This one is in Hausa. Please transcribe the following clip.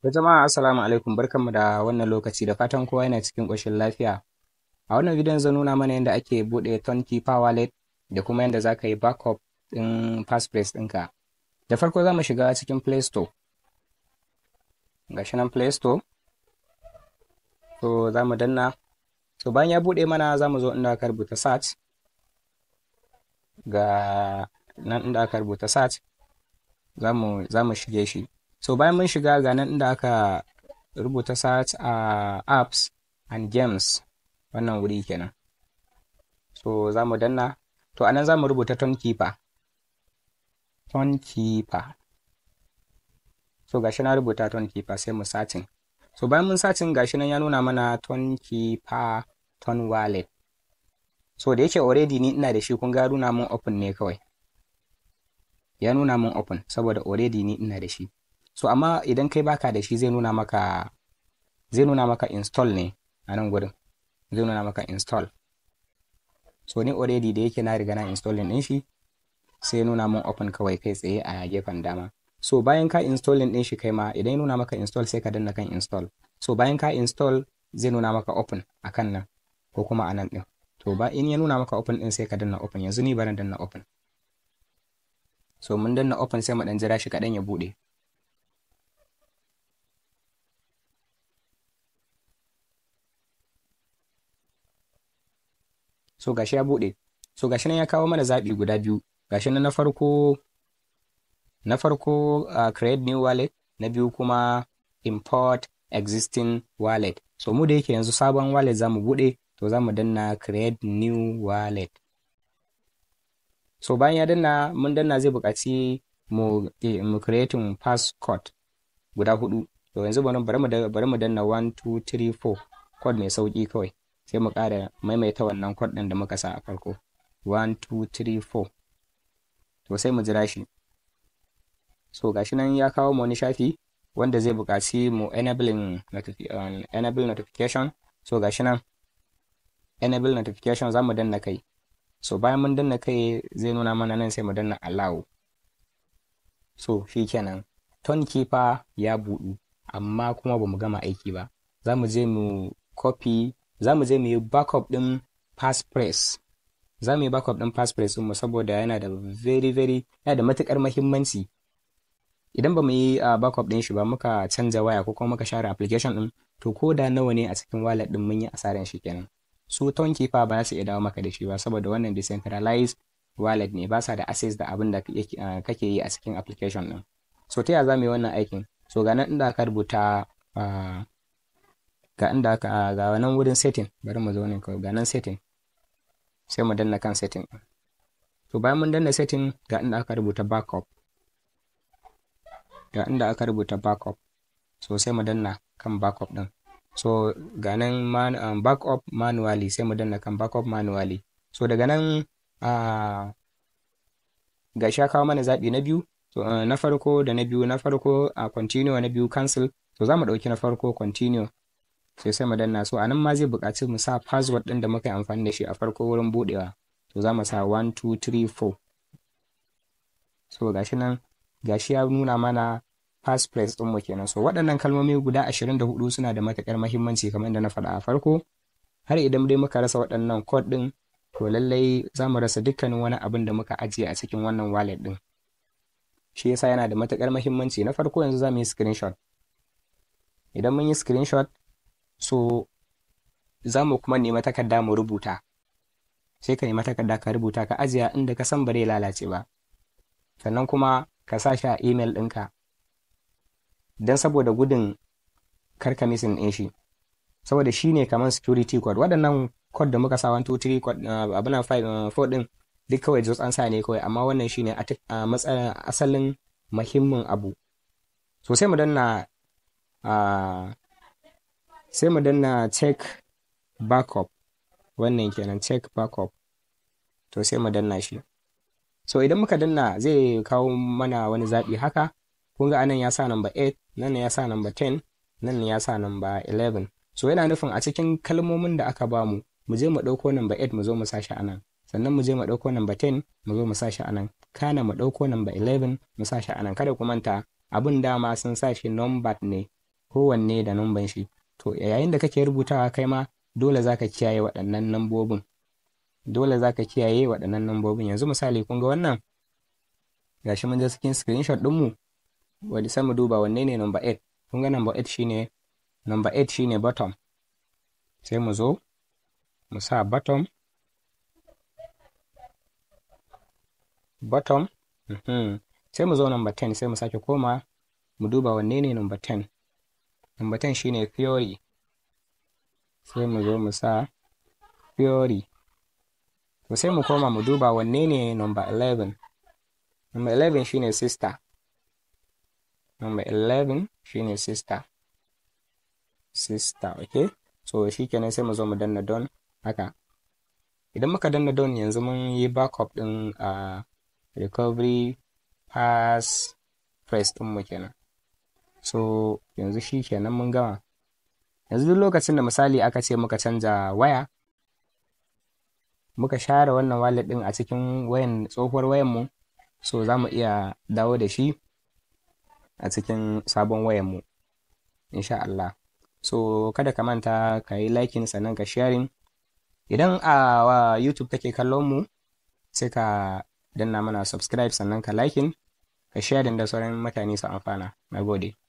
Da jama'a assalamu alaikum barkanmu da wannan lokaci da fatan kowa yana cikin ƙoshin lafiya. A wannan bidiyon zan nuna mana yadda ake buɗe Tonki Power Wallet da kuma yadda za ka yi backup ɗin passphrase ɗinka. Da farko za mu shiga cikin Play Store. Ga shi nan Play Store. So za mu danna. So bayan ya buɗe mana za mu zo inda aka rubuta search. Ga nan inda aka rubuta search. Za mu shige shi. so bayan mun shiga ga nan inda aka rubuta search a apps and games wannan wuri kenan so za mu danna to anan za mu rubuta ton keeper ton keeper so gashi na rubuta ton keeper sai mu satin so bayan mun satin gashi nan ya nuna mana ton keeper ton wallet so da yake already ni ina da shi kun ga nuna mun open ne kawai ya nuna mun open saboda already ni ina da shi so amma idan kai baka da shi zai nuna maka zai nuna maka install ne a nan gurin zai nuna maka install so ni already da yake na riga na installing din shi sai nuna mun open kawai kai tsaye a gefen dama so bayan ka installing din shi kai ma idan ya nuna maka install sai ka danna kan install so bayan ka install zai nuna maka open a kan nan ko kuma a nan din to ba in ya nuna maka open din sai ka danna open yanzu ni barin danna open so mun danna open sai mu dan jira shi kadan ya bude so gashi ya bude so gashi nan ya kawo mana zaɓi guda biyu gashi nan na farko na farko uh, create new wallet na biyu kuma import existing wallet so mu da yake yanzu sabon wallet za mu bude to za mu danna create new wallet so bayan ya danna mun danna zai bukaci mu eh, mu creating passcode guda hudu to yanzu bari mu danna 1 2 3 4 code mai sauki kawai sai mu ƙara maimaita wannan kod ɗin da muka sa a farko 1 2 3 to sai mu jira shi so gashi nan ya kawo mu wani shafi wanda zai buƙaci mu enabling um, enable notification so gashi nan enable notification za mu danna kai so bayan mun danna kai zai nuna mana nan sai mu danna allow so shi kenan ton keeper ya buɗu amma kuma ba mu gama aiki ba za mu je mu copy za mu je mu yi backup ɗin press za mu yi backup ɗin press mu saboda yana da very very yana da matukar mahimmanci idan ba mu yi ah, backup ɗin shi ba muka canza waya ko kuma muka share application ɗin to ko da nawa ne a cikin wallet ɗin mun yi asaran shi kenan su kifa ba za su iya dawo maka da shi ba saboda wannan decentralized wallet ne ba sa da access da abin da ah, kake yi a cikin application ɗin so ta yaya za mu yi wannan aikin so ga nan inda ka rubuta ah, ga inda aka ga nan wurin setting bari mu zo ne kawai ga nan setting sai mu danna kan setting to bayan mun danna setting ga inda aka rubuta backup ga inda aka rubuta backup so sai mu danna kan backup din so ga nan man, um, backup manually sai mu danna kan backup manually so daga nan uh, ga sha kawo mana zaɓi na biyu so, uh, na farko da na biyu na farko a uh, continue na biyu cancel to so, za mu ɗauki na farko continue sai sai mu danna so nan ma zai buƙaci mu sa password ɗin da muka yi amfani da shi a farko wurin buɗewa to za mu sa 1234. so gashi nan gashi ya nuna mana passphrase ɗinmu kenan so waɗannan kalmomi guda 24 suna da matuƙar mahimmanci kamar da na faɗa a farko har idan dai muka rasa waɗannan code ɗin to lallai za mu rasa dukkanin wani abin da muka ajiye a cikin wannan wallet ɗin shi yasa yana da matuƙar mahimmanci na farko yanzu za mu yi screenshot idan mun yi screenshot so za mu kuma nemi takarda mu rubuta sai ka nemi takarda ka rubuta ka ajiya inda ka san ba zai lalace ba sannan kuma ka sa shi a email ɗinka don saboda gudun karka misin ɗin shi saboda shi ne kamar security code waɗannan code da muka sa 1 2 3 code uh, abin 5 4 uh, ɗin duk kawai jos an sa ne kawai amma wannan shi ne a matsayin asalin muhimmin abu sosai mu danna uh, sai mu danna check backup wannan kenan check backup to sai mu danna shi so idan muka danna zai kawo mana wani zaɓi haka kun ga anan ya sa number 8 nan ya sa number 10 nan ya sa number 11 so yana nufin a cikin kalmomin da aka bamu mu je mu ɗauko number 8 mu zo mu sashi anan sannan mu je mu ɗauko number 10 mu zo mu sashi anan kana mu ɗauko number 11 mu sashi anan kada ku manta abin dama sun sashi number ne kowanne da numban shi to yayin da kake rubutawa kai ma dole zaka kiyaye waɗannan nambobin dole zaka kiyaye waɗannan nambobin yanzu misali kun ga wannan gashi mun je cikin screenshot ɗinmu wani sai mu duba wanne ne number 8 kun ga number 8 shine number 8 shine bottom sai mu zo mu sa bottom bottom mm sai mu zo number 10 sai mu sake koma mu duba wanne ne number 10 Ambaton shi ne theory. Sai mu zo mu sa theory. To sai mu koma mu duba wanne ne number 11. Number 11 shi ne sister. Number 11 shi ne sister. Sister, okay? So shi kenan sai mu zo mu danna don haka. Idan muka danna don yanzu mun yi backup ɗin a uh, recovery pass press mu kenan. so yanzu shi kenan mun gama yanzu duk lokacin da misali aka ce muka canza waya muka share wannan wallet ɗin a cikin wayan tsohuwar wayanmu so za mu iya dawo da shi a cikin sabon wayanmu insha Allah so kada ka manta ka yi liking sannan ka sharing idan a wa YouTube kake kallon mu sai ka danna mana subscribe sannan ka liking ka sharing da sauran mutane su amfana na gode